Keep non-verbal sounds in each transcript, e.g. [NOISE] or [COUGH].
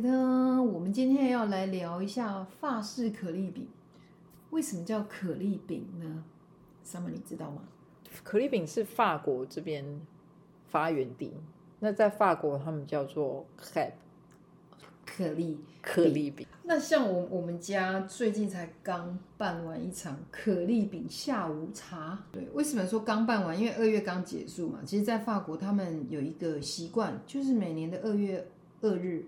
噔噔，我們今天要來聊一下法式可麗餅，為什麼叫可麗餅呢？Summer，你知道嗎？可麗餅是法國這邊發源地，那在法國他們叫做 crêpe 可麗可麗餅。那像我我們家最近才剛辦完一場可麗餅下午茶，對，為什麼說剛辦完？因為二月剛結束嘛。其實，在法國他們有一個習慣，就是每年的二月二日。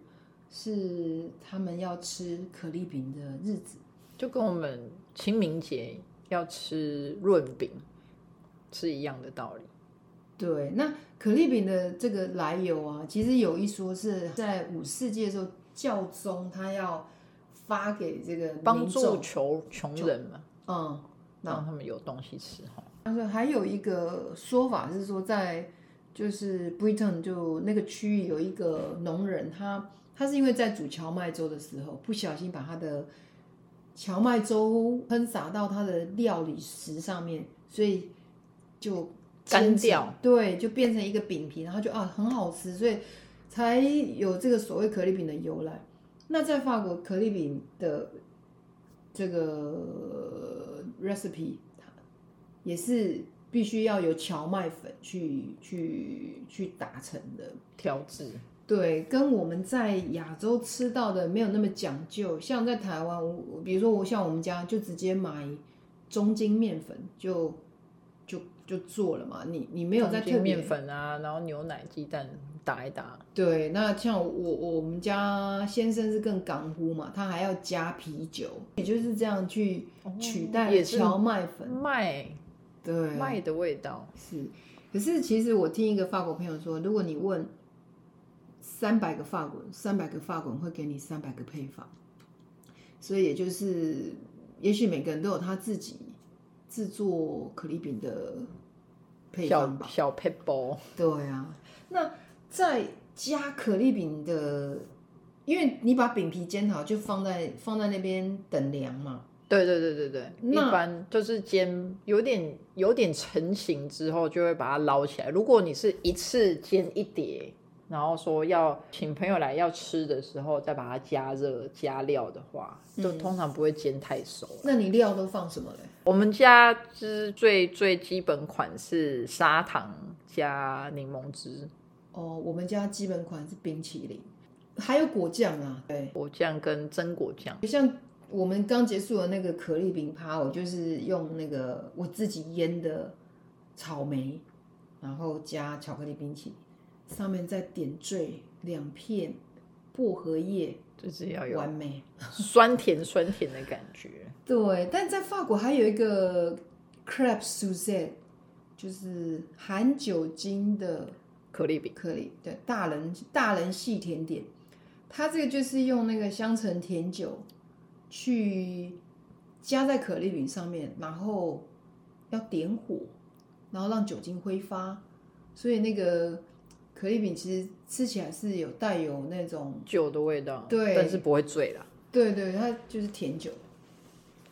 是他們要吃可麗餅的日子，就跟我們清明節要吃潤餅是一樣的道理。對，那可麗餅的這個來由啊，其實有一說是在五世紀的時候，教宗他要發給這個幫助窮窮人嘛，嗯，讓他們有東西吃哈。說還有一個說法是說，在就是 Britain 就那個區域有一個農人他。他是因為在煮蕎麥粥的時候不小心把他的蕎麥粥噴灑到他的料理石上面，所以就乾掉，對，就變成一個餅皮，然後就啊很好吃，所以才有這個所謂可麗餅的由來。那在法國可麗餅的這個 recipe 也是必須要有蕎麥粉去去去打成的調製。.對，跟我們在亞洲吃到的沒有那麼講究，像在台灣，比如說我像我們家就直接買中筋麵粉就就，就做了嘛。你你沒有在特中筋麵粉啊，然後牛奶、雞蛋打一打。對，那像我我們家先生是更港呼嘛，他還要加啤酒，也就是這樣去取代蕎、哦、麥粉麥對麥的味道是。可是其實我聽一個法國朋友說，如果你問。三百個發捲，三百個發捲會給你三百個配方，所以也就是，也許每個人都有他自己制作可麗餅的配方吧。小小撇步。對啊，那再加可麗餅的，因為你把餅皮煎好，就放在放在那邊等涼嘛。對對對對對，那一般就是煎有點有點成型之後，就會把它撈起來。如果你是一次煎一碟，然後說要請朋友來要吃的時候，再把它加熱加料的話，就通常不會煎太熟，嗯。那你料都放什麼嘞？我們家之最最基本款是砂糖加檸檬汁。哦，我們家基本款是冰淇淋，還有果醬啊，對，果醬跟榛果醬。像我們剛結束的那個可麗餅趴，我就是用那個我自己醃的草莓，然後加巧克力冰淇淋。上面再點綴兩片薄荷葉，就是要有完美酸甜酸甜的感覺。 [LAUGHS] 對，但在法國還有一個 crêpe Suzette，就是含酒精的可麗餅。可麗，對，大人大人係甜點，它這個就是用那個香橙甜酒去加在可麗餅上面，然後要點火，然後讓酒精揮發，所以那個。可麗餅其實吃起來是有帶有那種酒的味道，對，但是不會醉啦。對對，對，它就是甜酒。嗯。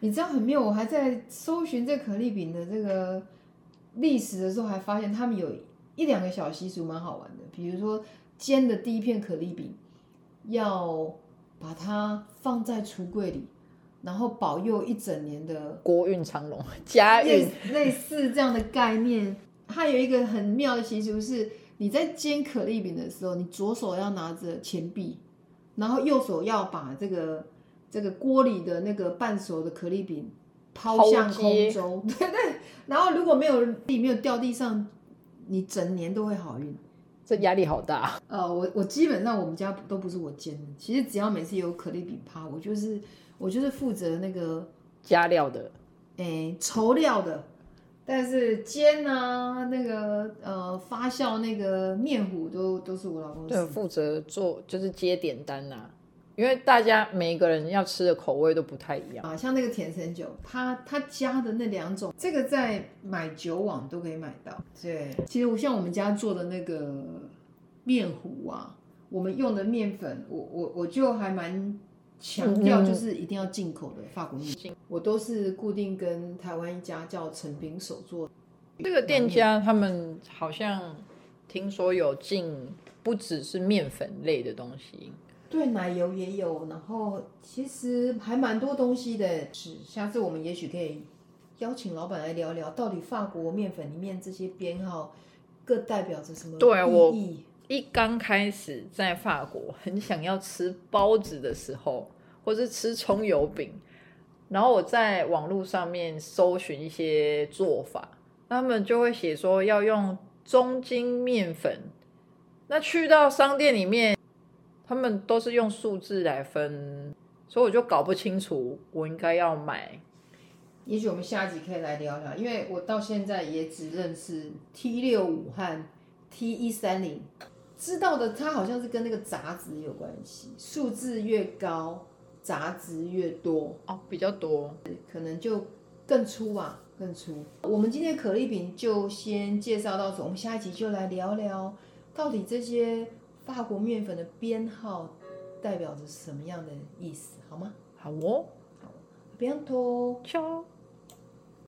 你知道很妙，我還在搜尋這可麗餅的這個歷史的時候，還發現他們有一兩個小習俗蠻好玩的。比如說，煎的第一片可麗餅要把它放在櫥櫃裡，然後保佑一整年的國運昌隆家運類似、yes, 這樣的概念。 [LAUGHS] 它有一個很妙的習俗是。你在煎可麗餅的時候，你左手要拿着錢幣，然後右手要把這個這個鍋裡的那個半熟的可麗餅拋向空中，對對。然後如果沒有地沒有掉地上，你整年都會好運。這壓力好大。呃，我我基本上我們家都不是我煎的，其實只要每次有可麗餅拋，我就是我就是負責那個加料的，誒，稠料的。但是煎啊，那個呃發酵那個麵糊都都是我老公的對，負責做，就是接點單吶、啊，因為大家每一個人要吃的口味都不太一樣啊，像那個甜橙酒，他他加的那兩種，這個在買酒網都可以買到。對，其實我像我們家做的那個麵糊啊，我們用的麵粉，我我我就還蠻。強調就是一定要進口的法國麵粉，我都是固定跟台灣一家叫陳平手做這個店家，他們好像聽說有進，不只是麵粉類的東西，對，奶油也有，然後其實還蠻多東西的。是，下次我們也許可以邀請老闆來聊聊，到底法國麵粉裡面這些編號各代表着什麼意義。對我一剛開始在法國很想要吃包子的時候，或是吃蔥油餅，然後我在網絡上面搜尋一些做法，他們就會寫說要用中筋麵粉。那去到商店裡面，他們都是用數字來分，所以我就搞不清楚我應該要買。也許我們下集可以來聊聊，因為我到現在也只認識 T65 和 T130。知道的，它好像是跟那個雜質有關係，數字越高，雜質越多哦，比較多，可能就更粗吧，更粗。我們今天可麗餅就先介紹到此，我們下一集就來聊聊到底這些法國麵粉的編號代表着什麼樣的意思，好嗎？好哦，好，別樣多，